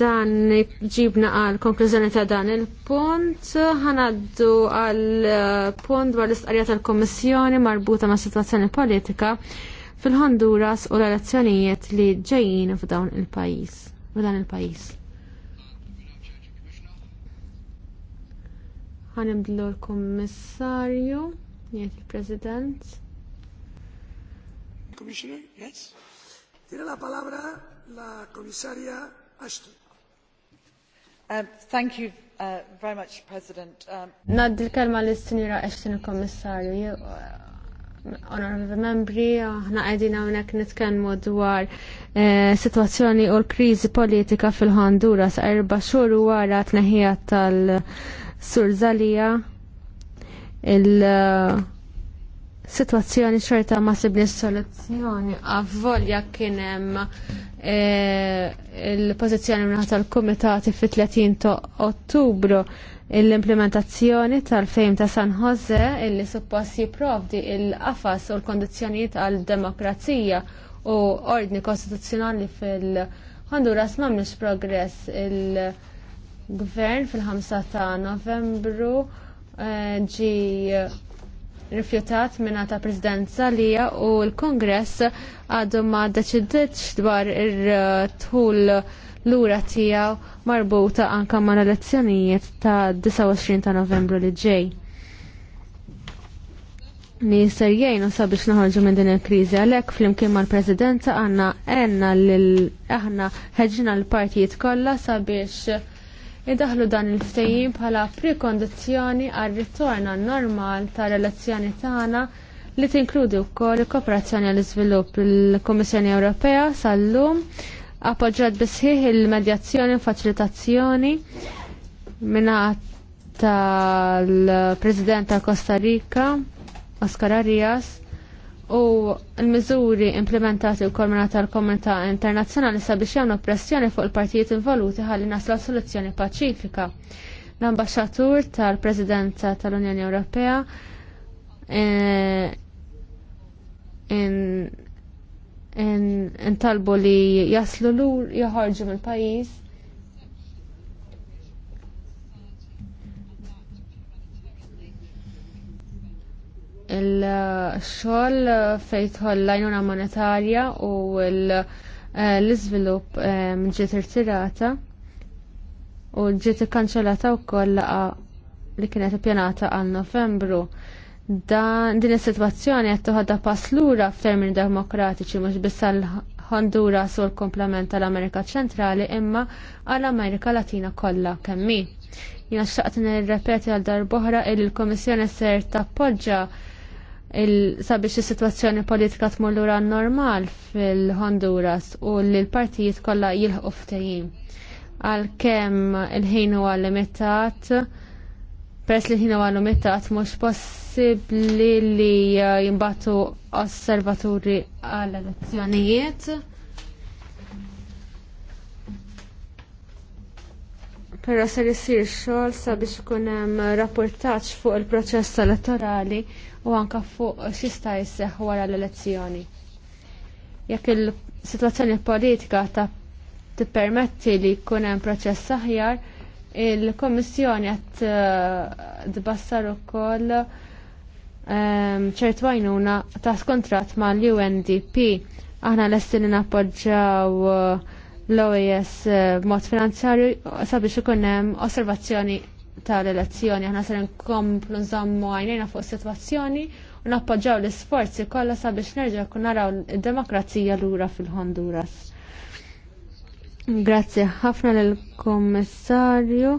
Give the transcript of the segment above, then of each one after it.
dan ġibna għal konklużjoni ta' dan il-punt, ħanaddu għal eh, punt dwar l-istqarja tal-Kommissjoni marbuta ma' situazzjoni politika fil-Honduras u l-elezzjonijiet li ġejjin f'dawn il-pajis. F'dan il-pajis. Ħanibdlu l-Kommissarju, jgħid il-President. Commissioner, yes. Tiene la palabra la Commissaria Ashton. Um, thank you uh, very much, President. Um, Naddi l-kelma l-Sinjura Ashton il-Kommissarju. Onorevoli Membri, ħna għedin għonek nitkenmu dwar eh, situazzjoni u l-krizi politika fil-Honduras erba xur wara t tneħħija tal-Surzalija il- eh, situazzjoni xorta ma sibni soluzzjoni għavvolja kienem E, il-pozizjoni minnaħat tal-Kumitati fi 30 ta' Ottubru l-implementazzjoni tal-fejm ta' San Jose illi suppost jiprovdi il-qafas u l-kondizjonijiet għal-demokrazija u ordni kostituzzjonali fil-Honduras m'għamniex progress il-gvern fil-5 ta' Novembru e, ġi rifjutat minna ta' prezidenza li u l-kongress għadu ma deċidiċ dwar ir-tħul l-ura tijaw marbuta anka ma' l-elezzjonijiet ta' 29 ta' novembru li ġej. Ni ser jgħinu sabiex naħorġu minn din il-krizi għalek fl-imkien mal-prezidenza għanna enna l-aħna ħeġina l-partijiet kollha sabiex idaħlu dan il-ftejjim bħala prekondizzjoni għal ritorn għal normal ta' relazzjoni tagħna li tinkludi wkoll il-kooperazzjoni għal iżvilupp il-Kummissjoni Ewropea sal-lum appoġġjat bisħieħ il-medjazzjoni u faċilitazzjoni ta tal-President ta' Costa Rica, Oscar Arias, u l-mizuri implementati u kormina tal-komunità internazzjonali sabiex jagħmlu pressjoni fuq il-partijiet involuti ħalli naslu soluzzjoni paċifika. l ambasġatur tal-Presidenza tal-Unjoni Ewropea eh, intalbu li jaslu l joħorġu mill-pajjiż il-xogħol fejn l-għajnuna monetarja u l eh, izvilup eh, ġiet irtirata u ġiet ikkanċellata wkoll koll li kienet pjanata għal Novembru. Dan din is-sitwazzjoni qed toħodha pass lura f'termini demokratiċi mhux biss għal Honduras u l-komplement tal-Amerika ċentrali imma għall-Amerika Latina kollha kemm Jina xaqt nirrepeti għal darbohra il komissjoni ser tappoġġa sabiex is-sitwazzjoni politika tmur lura normal fil-Honduras u li l-partijiet kollha jilħqu ftehim. Għalkemm il-ħin għal limitat, peress li ħin u għal limitat mhux possibbli li uh, jimbatu osservaturi għall elezzjonijiet. Però se isir xogħol sabiex ikun hemm rapportaġġ fuq il-proċess elettorali u anka fuq xista jisseħ wara l-elezzjoni. Jekk il-situazzjoni politika ta' tippermetti li jkun hemm proċess aħjar, il-Kommissjoni qed eh, tbassar ukoll ehm, ċertu għajnuna ta' skontrat ma' l-UNDP. Aħna l-estin nappoġġaw eh, l-OES eh, mod finanzjarju sabiex ikun hemm osservazzjoni tal-elezzjoni aħna ser nkomplu nżammu għajnejna fuq is-sitwazzjoni u nappoġġaw l-isforzi kollha sabiex nerġa' kun naraw id-demokrazija lura fil-Honduras. Grazzi ħafna lill-Kummissarju.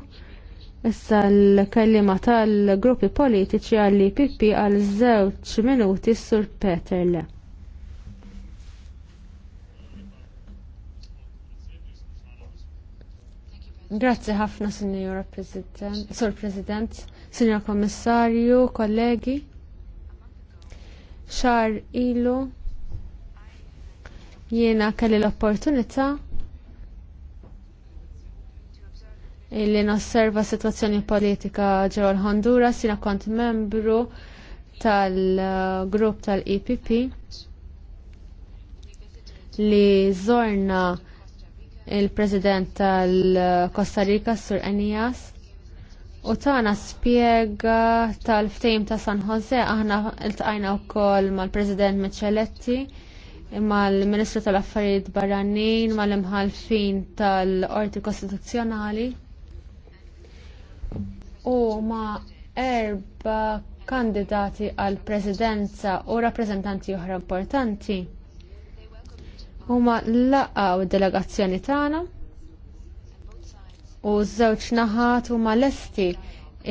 Issa l-kellima tal-gruppi politiċi għalli Pippi għal żewġ minuti sur Peterle. Grazzi ħafna, Signora President, Sur President, Signor Kommissarju, kollegi. Xar ilu jiena kelli l-opportunità illi nosserva situazzjoni politika ġewwa l-Honduras, jiena kont membru tal-grupp tal-EPP li zorna il-President tal-Costa Rica, Sur Enias, u tana spiega tal-ftejm ta' San Jose, aħna iltqajna wkoll mal-President Micheletti, mal-Ministru tal-Affarijiet Barranin, mal-imħalfin tal-Qorti Kostituzzjonali u ma' erba kandidati għal presidenza u rappreżentanti oħra importanti huma laqgħu d-delegazzjoni tagħna u żewġ naħat huma lesti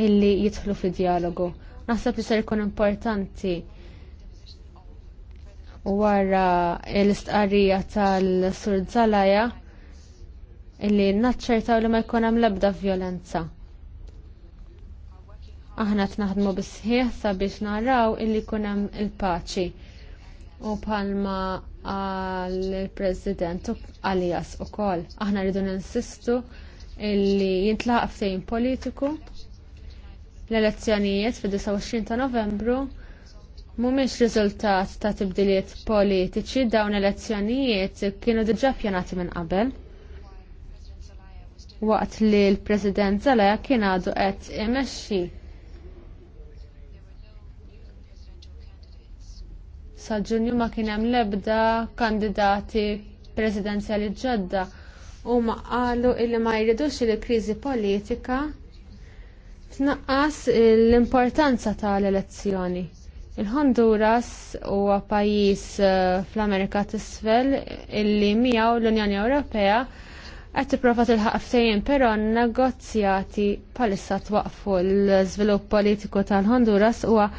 illi jidħlu fi dialogu. Naħseb li ser importanti wara l-istqarrija tal-Sur Zalaja illi naċċertaw li ma jkun hemm l-ebda vjolenza. Aħna tnaħdmu bisħieħ sabiex naraw illi jkun hemm il-paċi u palma għal-President għalijas u kol. Aħna rridu ninsistu illi jintlaq fejn politiku l-elezzjonijiet fid-29 ta' novembru mhumiex riżultat ta' tibdiliet politiċi dawn elezzjonijiet kienu diġà pjanati minn qabel. Waqt li l-President Zalaja kien għadu qed imexxi Sa ġunju ma kien hemm l-ebda kandidati presidenzjali ġodda u ma qalu illi ma jridux li kriżi politika tnaqqas l-importanza tal-elezzjoni. Il-Honduras huwa pajjiż eh, fl-Amerika t'isfel illi miegħu l-Unjoni Ewropea qed tipprova tilħaq ftehim però n-negozjati bħalissa twaqfu l-żvilupp politiku tal-Honduras huwa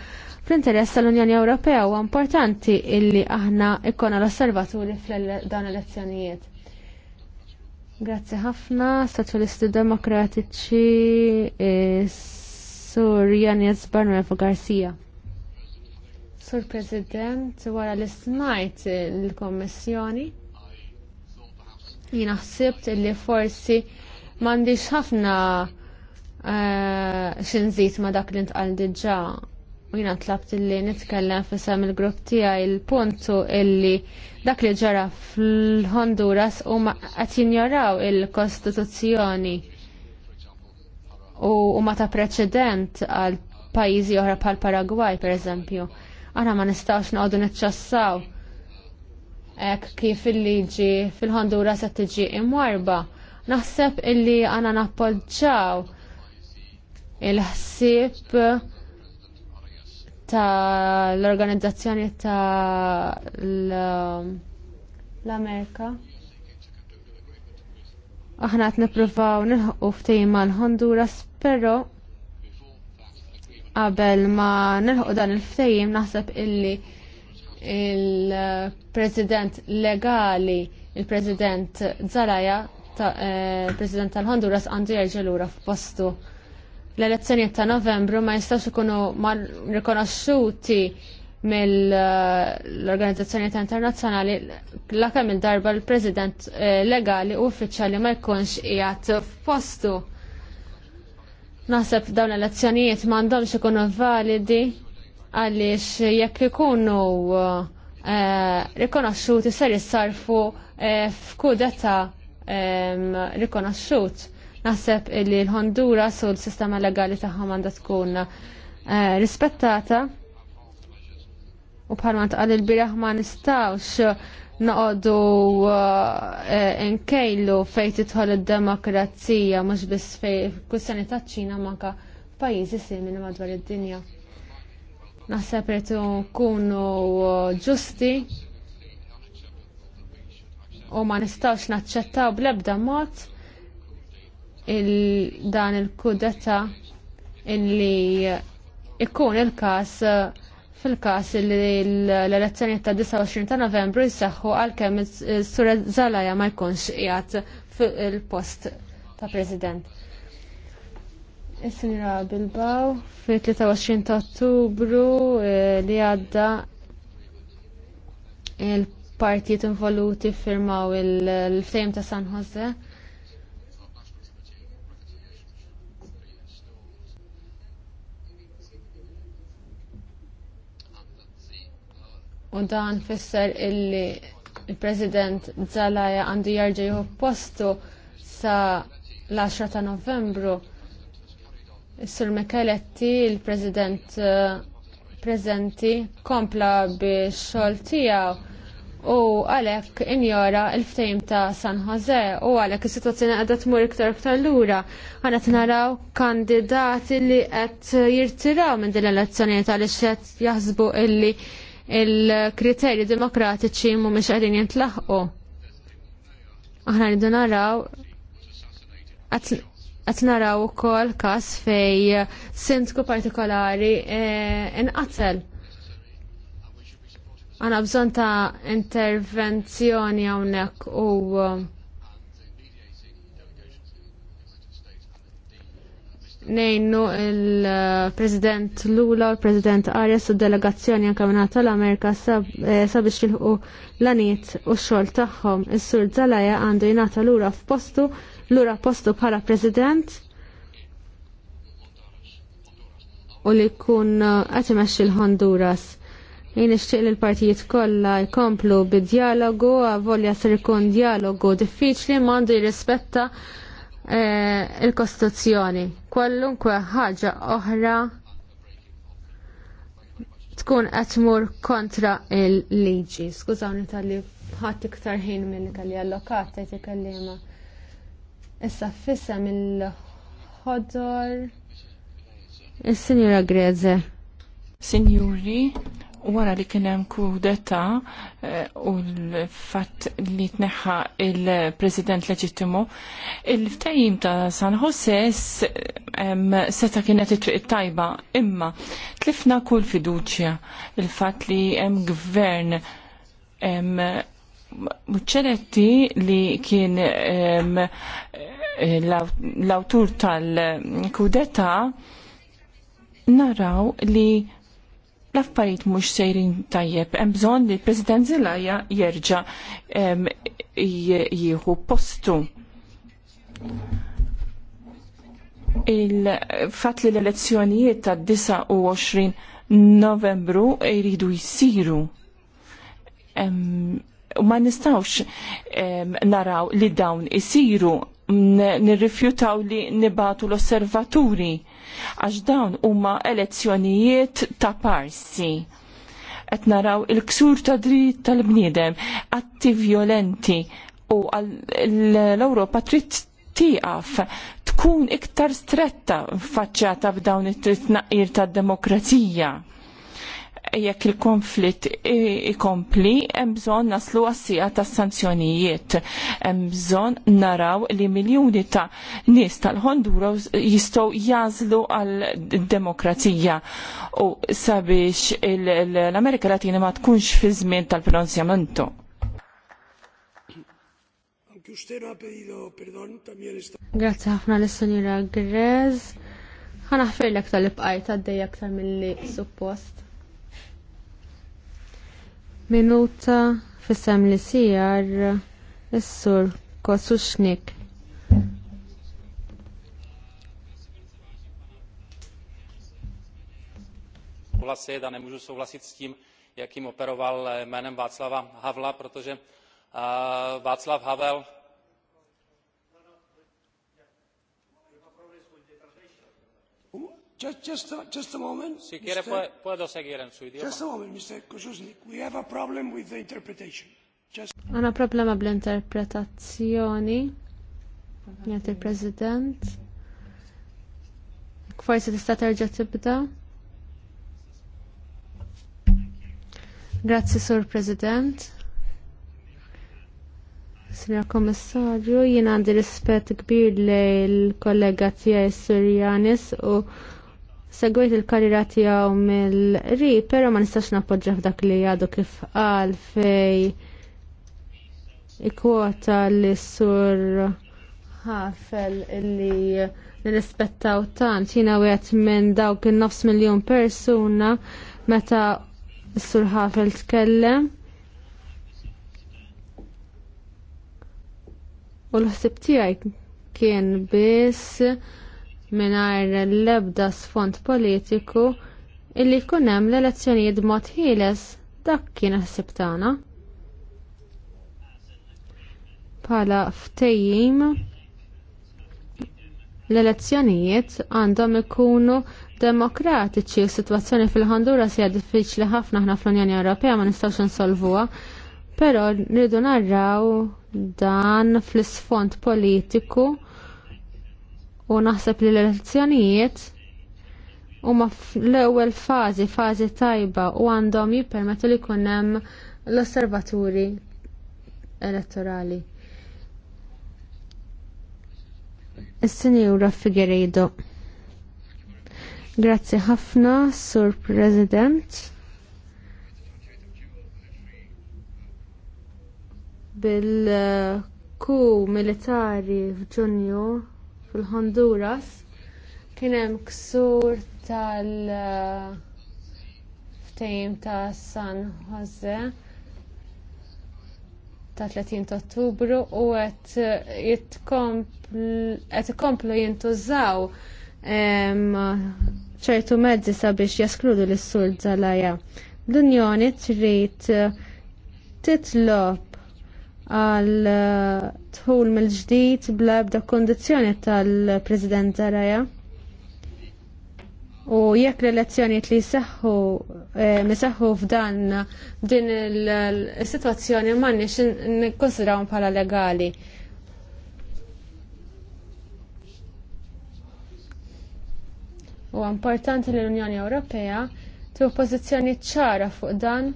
fl-interess tal-Unjoni Ewropea u importanti illi aħna ikkona l-osservaturi fl-dan elezzjonijiet. Grazzi ħafna, Soċjalisti Demokratiċi, eh, Sur Janez Barnuevo Garcia. Sur President, wara li smajt l-Kommissjoni, jina ħsibt li forsi mandiġ ħafna eh, xinżit ma dak li ntqal diġa u jina tlabt illi nitkellem fissam il-grupp tija il-puntu illi dak li ġara fl-Honduras u qed jinjoraw il-Kostituzzjoni u ma ta' preċedent għal pajjiżi oħra Paraguay per pereżempju. Aħna ma nistgħux noqogħdu niċċassaw ek kif il-liġi fil-Honduras qed tiġi imwarba. Naħseb illi għana nappoġġaw il-ħsieb ta' l-organizzazzjoni ta' l-Amerika. Aħna qed nippruvaw nilħqu ftehim mal-Honduras, però qabel ma nilħu dan il-ftehim naħseb illi il-President legali, il-President Zaraja, ta, eh, President tal-Honduras għandu jerġa' lura f'postu l-elezzjonijiet ta' novembru ma jistawx ikunu rikonosciuti mill-organizzazzjoni eh, internazzjonali la kemm il-darba l-president eh, legali u uffiċjali ma jkunx qiegħed f'postu. Naħseb dawn l-elezzjonijiet m'għandhomx ikunu validi għaliex jekk ikunu eh, rikonoxxuti ser jissarfu f'kudeta rikonoxxut. Naħseb li l hondura su l-sistema legali tagħhom għandha tkun eh, rispettata u bħalma tqal il-biraħ ma nistawx noqogħdu eh, nkejlu fejn tidħol id-demokrazija mhux biss fejn kwistjoni taċ-Ċina manka pajjiżi simili madwar id-dinja naħseb li kunu ġusti u ma nistax naċċettaw bl-ebda mod il dan il-kudetta illi ikkun il-kas fil-kas li l-elezzjoni ta' 29 ta' novembru jissaħħu għal kem s-sura Zalaja ma jkunx qiegħed fil-post ta' president. Is-sinra Bilbaw fil-23 ta' ottubru eh, li għadda il-partijiet involuti firmaw il-flame ta' San Jose u dan fisser illi il-President Zalaja għandu jarġa juhu postu sa l-10 ta' novembru. Sur Mekaletti, il-President eh, prezenti, kompla biex xol tiegħu u għalhekk injora il-ftejm ta' San Jose u għalhekk is għadda t tmur iktar iktar lura. Għana naraw kandidati li qed jirtiraw minn din l-elezzjonijiet għaliex qed jaħsbu illi il-kriterji demokratiċi mhumiex qegħdin jintlaħqu. Aħna rridu naraw qed naraw ukoll każ fej sindku partikolari e, inqatel. Għana bżon ta' intervenzjoni hawnhekk u nejnu il-President Lula, il-President Arias u delegazzjoni għan kamina tal-Amerika eh, sabiex il-ħu l anit u xol taħħom. Is-sur Zalaja għandu jinata Lula f'postu, Lula postu bħala President u li kun għatimax eh, il-Honduras. Jien ixtieq li l-partijiet kollha jkomplu bid-dialogu, għavolja ser ikun dialogu diffiċli m'għandu jirrispetta Eh, il-Kostituzzjoni. Kwallunkwe ħaġa oħra tkun qed tmur kontra il-liġi. Skużawni tal-li ħadd iktar ħin minn kelli allokat qed ikellima. Issa fissa mill-ħodor is-Sinjura Greze. Sinjuri, wara li kien hemm kudeta eh, u l-fatt li tneħħa il-President leġittimu, il-ftajim ta' San Jose seta kienet it-triq tajba, imma tlifna kull fiduċja il-fatt li hemm gvern Muċċeretti li kien l-autur tal-kudeta naraw li l-affarijiet mhux sejrin tajjeb, hemm bżonn li l-President Zilaja jerġa' jieħu postu. Il-fatt li l-elezzjonijiet tad 29 Novembru jridu jsiru. U ma nistawx naraw li dawn isiru nirrifjutaw li nibatu l-osservaturi għax dawn huma elezzjonijiet ta' parsi qed naraw il-ksur ta' dritt tal-bniedem, atti violenti u l-Ewropa trid tieqaf tkun iktar stretta faċċata b'dawn it-tnaqqir tad-demokrazija jekk il-konflitt ikompli, hemm bżonn naslu għassija ta' sanzjonijiet. Hemm bżonn naraw li miljuni ta' nies tal-Honduras jistgħu jażlu għal demokrazija u sabiex l-Amerika Latina ma tkunx fi żmien tal-pronunzjamentu. Grazie ħafna l-Sonira Grez ħanaħfirlek tal-ibqaj tad-dej aktar mill-li suppost. Minuta fissem li sijar s sur Kosuxnik. souhlasit a nemůžu souhlasit s tím, jakým operoval eh, jménem Václava Havla, protože eh, Václav Havel Just, just, just a moment. Si quiere puedo seguir en su idioma. Just a moment, Mr. We have a problem with the interpretation. Just... Għana problema bl-interpretazzjoni. Jgħat il-President. Forsi tista' terġa' tibda. Grazzi, Sur President. Signor Kommissarju, jien għandi rispett kbir l kollega tijaj Sur Janis u segwejt il-karriera tiegħu mill-ri, però ma nistax nappoġġa f'dak li għadu kif qal fej ikwota li sur ħafel illi nirrispettaw tant jiena wieħed minn dawk in-nofs miljun persuna meta s-sur ħafel tkellem. U l-ħsib tiegħi kien biss minar l-ebda sfond politiku illi jkun hemm l-elezzjonijiet b'mod ħieles dak kien ħsib tagħna. Bħala ftejjim l-elezzjonijiet għandhom ikunu demokratiċi u situazzjoni fil ħandura sija diffiċli ħafna ħna fl-Unjoni Ewropea ma nistgħux insolvuha, però rridu narraw dan fl-isfond politiku u naħseb li l-elezzjonijiet huma l-ewwel fażi, fażi tajba u għandhom jippermettu li jkun hemm l-osservaturi elettorali. Is-Sinjura Figueiredo. Grazzi ħafna, Sur President. Bil-ku militari f'Ġunju fil-Honduras kien hemm ksur tal- eh, ftehim ta' San Jose ta' 30 ta' Ottubru u qed eh, ikomplu jintużaw ċertu mezzi sabiex jaskludu l-sur Zalaja. L-Unjoni trid eh, titlob għal uh, tħul mill-ġdid bl-ebda kondizjoni tal-President Zaraja. U jekk l-elezzjonijiet li jseħħu eh, miseħħu f'dan din il-sitwazzjoni m'għandniex konsidraw bħala legali. U importanti li l-Unjoni Ewropea tu pozizjoni ċara fuq dan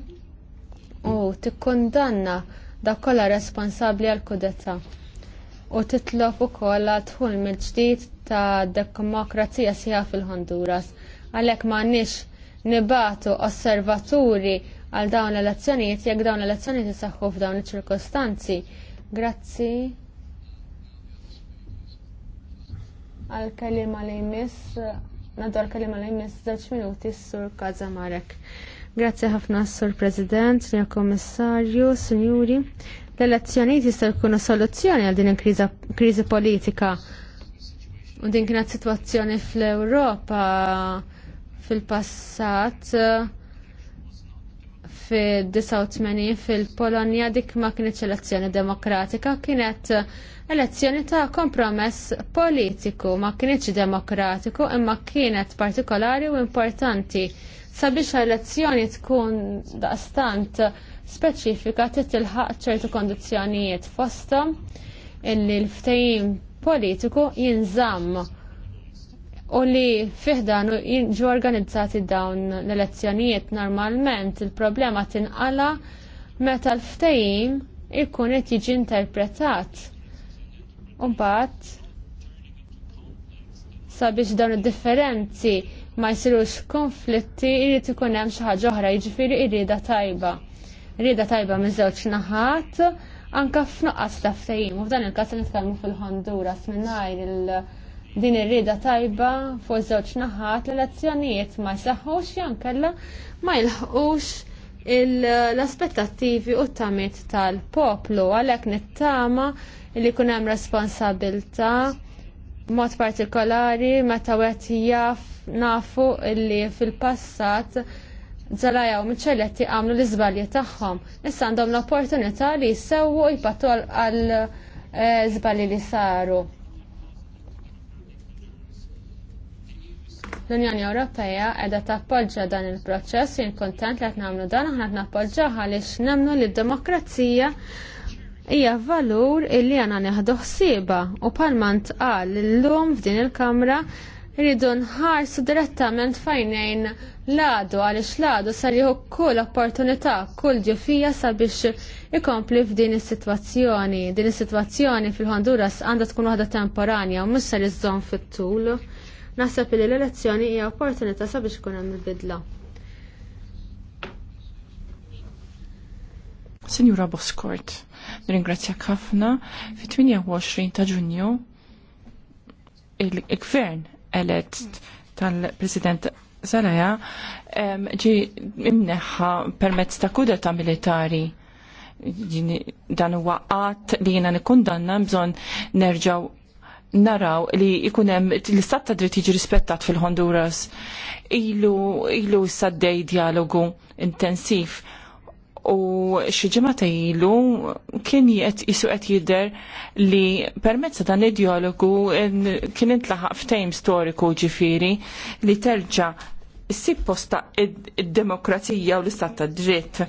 u t-kondanna dak kollha responsabbli għal kudetta u titlob ukoll dħul mill-ġdid ta' demokrazija siħa fil-Honduras. Għalhekk m'għandniex nibatu osservaturi għal dawn l-elezzjonijiet jekk dawn l-elezzjonijiet jisaxħu f'dawn iċ-ċirkostanzi. Grazzi. Għal kelima li jmiss, nadwar kelima li jmiss 10 minuti s-sur Kazamarek. Grazzi ħafna Sur President, Sr. Kommissarju, Sinjuri. l elezzjoni tista' jkun soluzzjoni għal din il-kriżi politika. U din kienet sitwazzjoni fl-Ewropa fil-passat fi 89 fil-Polonja dik ma kienet elezzjoni demokratika, kienet elezzjoni ta' kompromess politiku, ma kienx demokratiku imma kienet partikolari u importanti sabiex elezzjoni tkun daqstant speċifika titilħaq ċertu kondizjonijiet fosta illi l ftajim politiku jinżamm u li fiħdanu jinġu organizzati dawn l-elezzjonijiet normalment il-problema tinqala meta l ftajim ikun qed jiġi interpretat. Umbagħad sabiex dawn id-differenzi ma jsirux konflitti jrid ikun hemm xi ħaġa oħra jiġifieri rrieda tajba. Rieda tajba miż-żewġ naħat anke f'nuqqas ta' ftehim u f'dan il-każ se nitkellmu fil-Honduras mingħajr il din ir-rieda tajba fuq żewġ naħat l-elezzjonijiet ma jsaħħux jankella ma jilħqux l-aspettattivi u t-tamiet tal-poplu għalhekk nittama li kun hemm responsabilta' mod partikolari meta wet jaf nafu illi fil-passat ġalajaw miċċelletti għamlu l-izbalji tagħhom. Issa għandhom l-opportunità li jsewwu jpattu għal żbalji eh, li saru. L-Unjoni Ewropea qiegħda tappoġġa dan il-proċess jien kuntent li qed nagħmlu dan aħna qed nappoġġaha għaliex nemmnu li d-demokrazija hija valur illi għana neħdu ħsieba u palmant qal l-lum f'din il-kamra rridu nħarsu direttament fajnejn ladu għaliex ladu sar jieħu kull opportunità, kull ġufija sabiex ikompli f'din is-sitwazzjoni. Din is-sitwazzjoni fil-Honduras għandha tkun waħda temporanja u mhux sar fit-tul. Naħseb li l-elezzjoni hija opportunità sabiex ikun hemm il-bidla. Sinjura Boskort, ringrazzjak ħafna fit-28 ta' ġunju il-gvern elett tal-President Zalaja ġi imneħħa permezz ta' kudeta militari dan huwa qatt li jiena nikkundanna bżonn nerġaw naraw li hemm l-istat ta' dritt jiġi rispettat fil-Honduras ilu ilu saddej dialogu intensiv u xi ġimgħa ilu kien jiet isu qed jidher li permezza dan ideologu dialogu kien intlaħaq ftejm storiku ġifiri li terġa' issib posta id-demokrazija u l-istat ta' dritt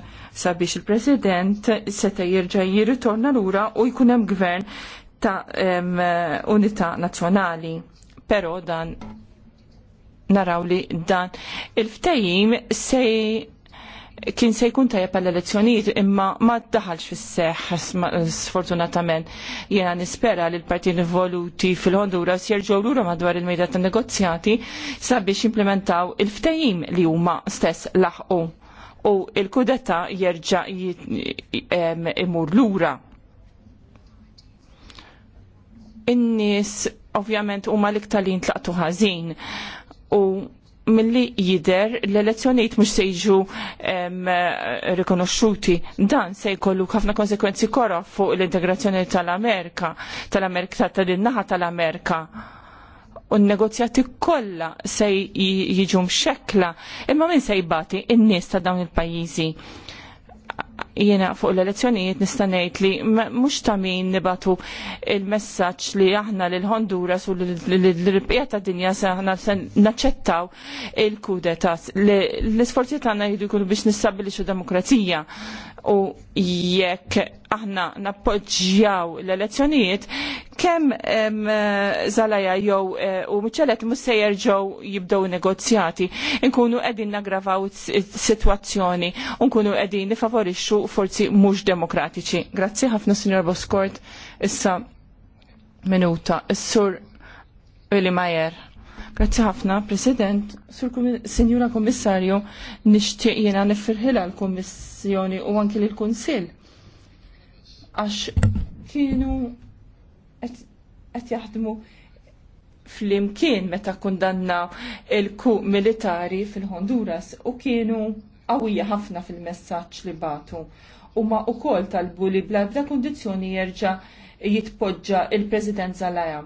sabiex il-President seta' jirġa' jirritorna lura u jkun hemm gvern ta' unità nazzjonali. Però dan naraw li dan il-ftejim se kien se jkun tajjeb għall elezzjonijiet imma ma daħalx fis seħħ sfortunatament. Jiena nispera li l-partin involuti fil-Honduras jerġgħu lura madwar il-mejda tan negozjati sabiex implementaw il-ftehim li huma stess laħqu u l kudetta jerġa' imur lura. In-nies ovvjament huma l-iktar li ntlaqtu ħażin u milli jider l-elezzjonijiet mhux se jiġu rikonoxxuti. Dan se jkollu ħafna konsekwenzi kora fuq l-integrazzjoni tal-Amerika, tal-Amerika tal-naħa tal-Amerika. U n-negozjati kollha se jiġu mxekla, imma min se jibati in-nies ta' dawn il-pajjiżi jiena fuq l-elezzjonijiet nista' ngħid li mhux ta' min nibatu il-messaġġ li aħna lil Honduras u l-bqija dinja se aħna se naċċettaw il-kudetas. L-isforzi tagħna jridu jkunu biex nistabbilixu demokrazija u jekk aħna nappoġġjaw l-elezzjonijiet Kem eh, Zalaja jew eh, u Miċelet mussejjer ġew jibdew negozjati, nkunu qegħdin nagravaw is-sitwazzjoni, nkunu qegħdin nifavorixxu forzi mhux demokratiċi. Grazzi ħafna Sinjor Boskort issa minuta. sur Uli Majer. Grazzi ħafna, President. Sur Sinjura Kommissarju, nixtieq jiena nifferħilha l-Kummissjoni u anki l-Kunsill. Għax kienu qed jaħdmu fl-imkien meta kundanna il-ku militari fil-Honduras u kienu qawwija ħafna fil-messaġġ li batu. U ma u kol talbu li bla kondizjoni jerġa jitpoġġa il-President Zalaja.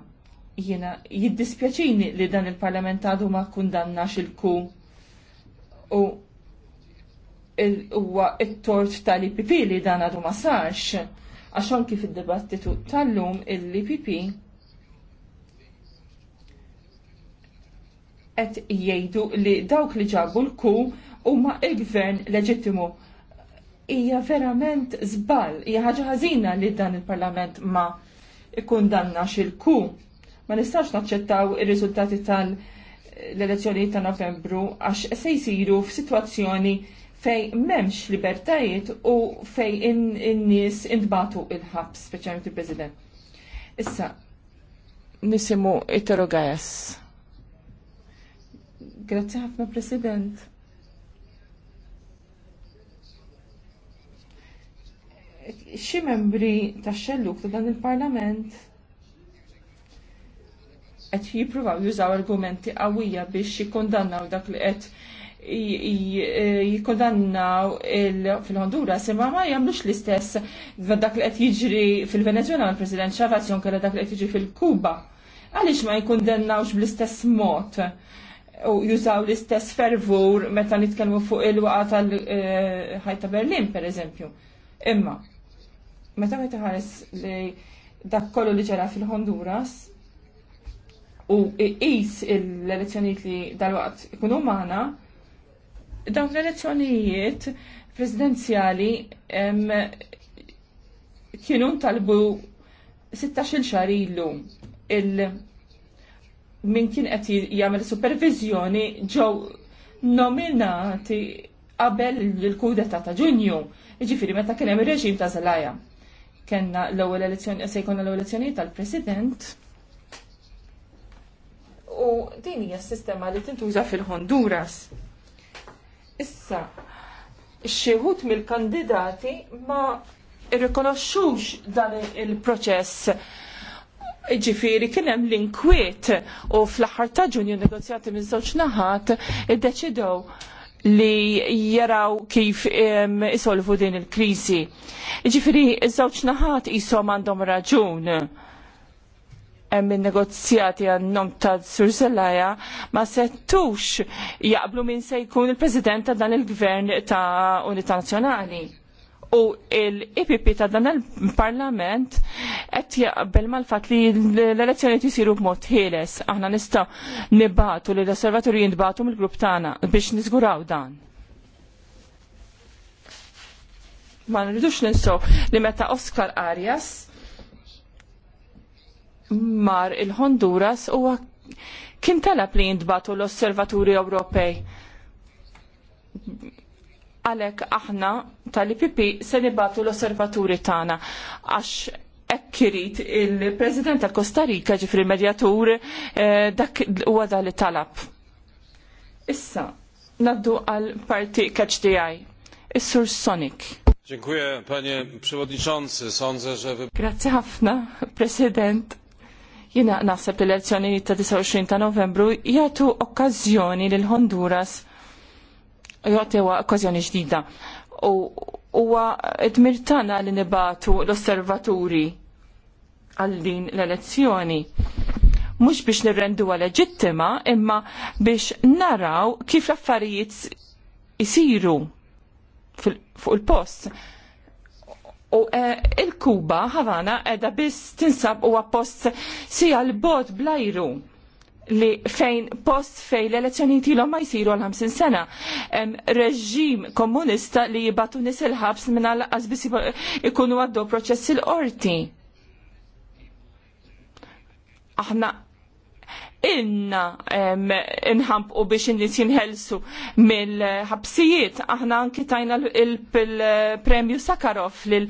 Jiena jiddispjaċini li dan il-Parlament għadu ma kundanna xil-ku u il tort tal-IPP li dan għadu ma sarx għax anki fid-dibattitu tal-lum il-IPP qed jgħidu li dawk li ġabu l-ku huma il-gvern leġittimu. Hija verament żball, hija ħaġa ħażina li dan il-Parlament ma danna il-ku. Ma nistax naċċettaw ir-riżultati tal- l-elezzjoni ta' novembru għax se jisiru f'sitwazzjoni fej memx libertajiet u fej in-nies in intbatu il-ħabs, speċjalment il-President. Issa, nisimu interrogajas. Grazie ħafna, President. Xi membri tax xelluk ta' dan il-Parlament qed jippruvaw jużaw argumenti qawwija biex jikkondannaw dak li qed jikodannaw fil-Honduras imma ma jagħmlux l-istess dak li qed jiġri fil-Venezuela mal-President Chavez jonkela dak li qed jiġri fil-Kuba. Għaliex ma jkundennawx bl-istess mod u jużaw l-istess fervur meta nitkellmu fuq il-waqa tal-ħajta eh, Berlin pereżempju. Imma meta meta ħares li dak kollu li ġara fil-Honduras u qis l-elezzjonijiet li dalwaqt ikunu maħna, dawn l-elezzjonijiet prezidenzjali kienu talbu 16 xar ilu il min kien qed jagħmel supervizjoni ġew nominati qabel il-kudeta ta' Ġunju. Jiġifieri meta kien hemm ir-reġim ta' Zelaya. Kenna l-ewwel elezzjoni se jkollna l-ewwel elezzjonijiet tal-President. U din hija s-sistema li tintuża fil-Honduras. Issa, xieħut mill-kandidati ma irrikonoxxux dan il-proċess. Ġifiri, kien hemm l-inkwiet u fl-aħħar ta' ġunju negozjati minn żewġ naħat iddeċidew li jaraw kif isolvu din il-krizi. Ġifiri, iż-żewġ naħat jisom għandhom raġun hemm in-negozjati għan-nom ta' Sur Zelaja ma settux jaqblu min se jkun il-President ta' dan il-Gvern ta' Unità Nazzjonali. U l-IPP ta' dan il-Parlament qed jaqbel mal-fatt li l-elezzjoni tisiru b'mod ħieles. Aħna nistgħu nibatu li l-osservatorji jintbatu mill-grupp tagħna biex niżguraw dan ma nridux ninsaw li meta Oscar Arias mar il-Honduras u kien talab li jintbatu l-Osservaturi Ewropej. Għalek aħna tal-IPP se nibatu l-Osservaturi tagħna għax ekkirit il-President tal-Kosta Rika ġifri medjatur eh, dak u għada li talab. Issa, naddu għal parti KHDI, Is-Sur Sonic. Dziękuję, panie przewodniczący. Sądzę, że... Grazie ħafna, President Jina naħseb li l-elezzjoni ta' 29 ta' novembru jgħatu okkazjoni lil Honduras jgħatu okkazjoni ġdida. U huwa tagħna li nibatu l-osservaturi għal din l-elezzjoni. Mhux biex għal leġittima, imma biex naraw kif l-affarijiet isiru fuq il-post u eh, il-Kuba Havana edha biss tinsab huwa post si għal bot blajru li fejn post fejn l-elezzjoni tilhom ma jsiru għal-50 sena. Reġim komunista li jibatu nis il-ħabs minna laqqas biss ikunu għaddu proċess il-qorti. Aħna inna inħamp u biex in jinħelsu mill-ħabsijiet. Aħna anki tajna il-premju Sakarov lil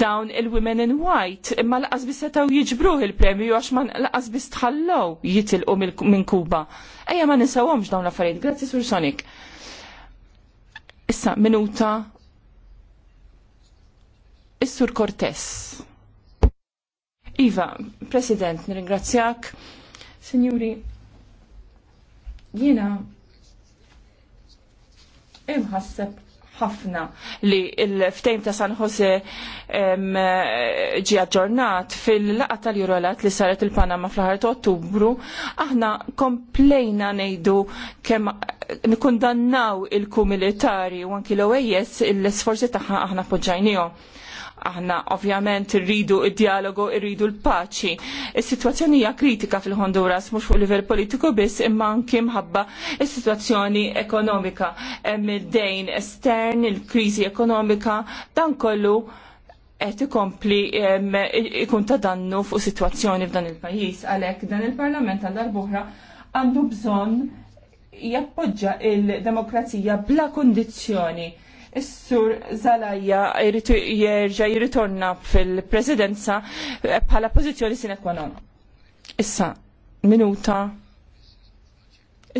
dawn il-Women in White. Imma l biss setaw jiġbruh il-premju għax ma laqas biss tħallow jitilqu minn Kuba. Ejja ma nisawhomx dawn l-affarijiet. Grazzi Sur Sonic. Issa minuta Is-Sur Cortez. Iva, President, nirringrazzjak Signori, jiena imħasseb ħafna li il-ftejm ta' San Jose ġi aġġornat fil-laqa tal-Jurolat li saret il-Panama fl-ħar ta' Ottubru, aħna komplejna nejdu kemm nikundannaw il-kumilitari u anki l-OAS il sforzi tagħha aħna poġġajnijo aħna ovvjament irridu id-dialogu, irridu l-paċi. Is-sitwazzjoni hija kritika fil-Honduras mhux fuq livell politiku biss imma anke mħabba is-sitwazzjoni ekonomika. Hemm id-dejn estern, il-kriżi ekonomika, dan kollu qed ikompli ikun ta' dannu fuq sitwazzjoni f'dan il-pajjiż għalhekk dan il-Parlament għal darbohra għandu bżonn jappoġġa il-demokrazija bla kundizzjoni Is-sur Zalaja jerġa' jirritorna fil-presidenza eh, bħala pożizzjoni sine qua non. Issa, minuta.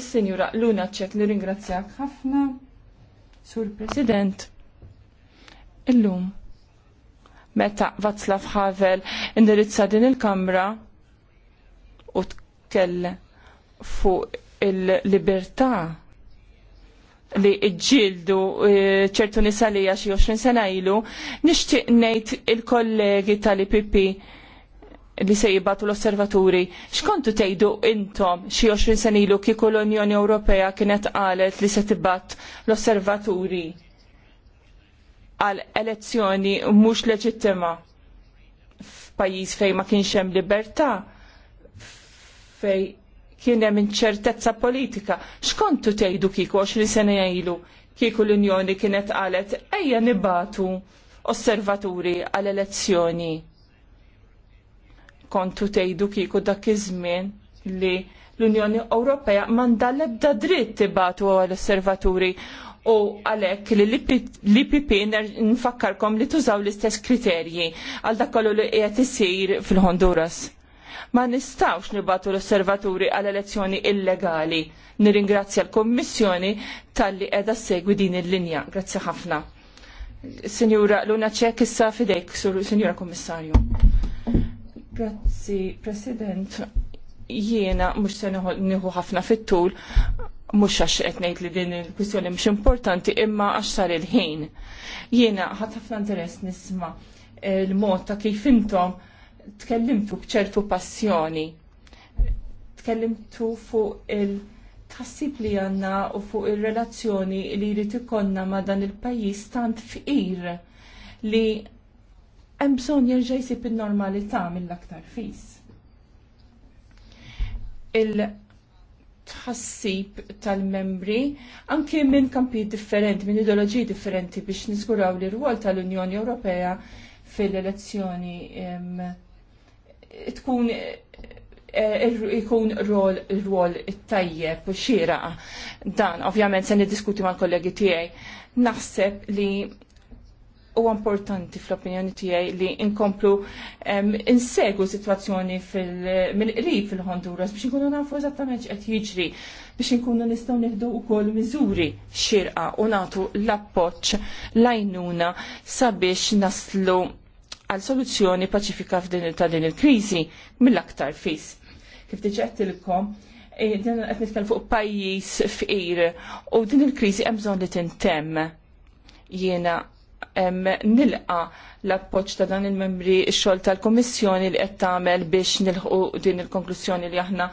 Is-sinjura Luna ċek li ringrazzjak ħafna, sur President. Illum, meta Vaclav Havel indirizza din il-kamra u tkellem fuq il-libertà li ġildu eh, ċertu nisa li għaxi 20 sena ilu, nishtiq nejt il-kollegi tal-IPP li se jibatu l-osservaturi. Xkontu tejdu intom xi 20 sena ilu kiku l-Unjoni Ewropea kienet qalet li se tibbat l-osservaturi għal elezzjoni mhux leġittima f'pajjiż fej ma kienx hemm libertà fej kien hemm inċertezza politika. Xkontu tgħidu kieku 20 sena jgħidu kieku l-Unjoni kienet qalet ejja nibatu osservaturi għal elezzjoni. Kontu tgħidu kieku dak iż-żmien li l-Unjoni Ewropea m'għandha l-ebda dritt tibatu għal osservaturi u għalek li l-IPP nfakkarkom li tużaw l-istess kriterji għal dakollu li qiegħed isir fil-Honduras. Ma nistawx nibatu l-osservaturi għal elezzjoni illegali. Nirringrazzja l-Kommissjoni tal-li edha segwi din il-linja. Grazzi ħafna. Senjura Luna Ċek issa fidejk, Sinjura Kommissarju. Grazzi, President. Jiena mux se nieħu ħafna fit-tul, mux għax qed ngħid li din il-kwistjoni mhux importanti imma għax sar il-ħin. Jiena ħadd ħafna interess nisma' il-mod ta' kif intom tkellimtu bċertu passjoni. Tkellimtu fuq il tħassib li għanna u fuq il-relazzjoni li jrid ikonna ma dan il-pajjiż tant fqir li hemm bżonn jerġa' jsib in-normalità mill-aktar fis. Il-tħassib tal-membri anke minn kampijiet differenti, minn ideoloġiji differenti biex niżguraw li r-rwol tal-Unjoni Ewropea fil-elezzjoni tkun eh, er-, ikun rol rol tajjeb xira dan ovvjament se niddiskuti mal kollegi tiegħi naħseb li huwa importanti fl-opinjoni tiegħi li nkomplu insegu sitwazzjoni mill-qrib fil-Honduras biex inkunu nafu eżattament x'qed jiġri biex inkunu nistgħu nieħdu wkoll miżuri xirqa u nagħtu l-appoġġ lajnuna sabiex naslu għal soluzzjoni paċifika ta' din il-kriżi mill-aktar fis. Kif il-kom, eh, din qed nitkellem fuq pajjiż fqir u din il-kriżi hemm bżonn li tintemm. Jiena nilqa l-appoġġ ta' dan il-membri x-xogħol tal-Kummissjoni li qed tagħmel biex nilħu din il-konklużjoni li aħna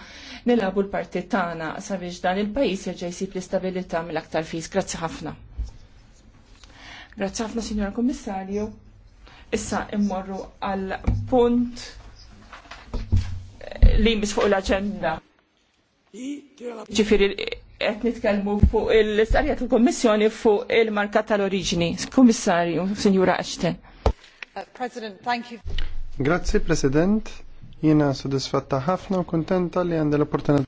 nilabu l-parti tagħna sabiex dan il-pajjiż jerġa' jsib l-istabilità mill-aktar fis. Grazzi ħafna. Grazzi ħafna, Signora Kommissarju. Issa immorru għal punt li mis fuq l-agenda. Ġifiri, qed nitkellmu fuq l istarja tal-Kommissjoni fuq il-marka tal-oriġini. Kummissarju, Sinjura Ashton. Uh, President, thank you. Grazie, President. Jena sodisfatta ħafna u kontenta li għandha l-opportunità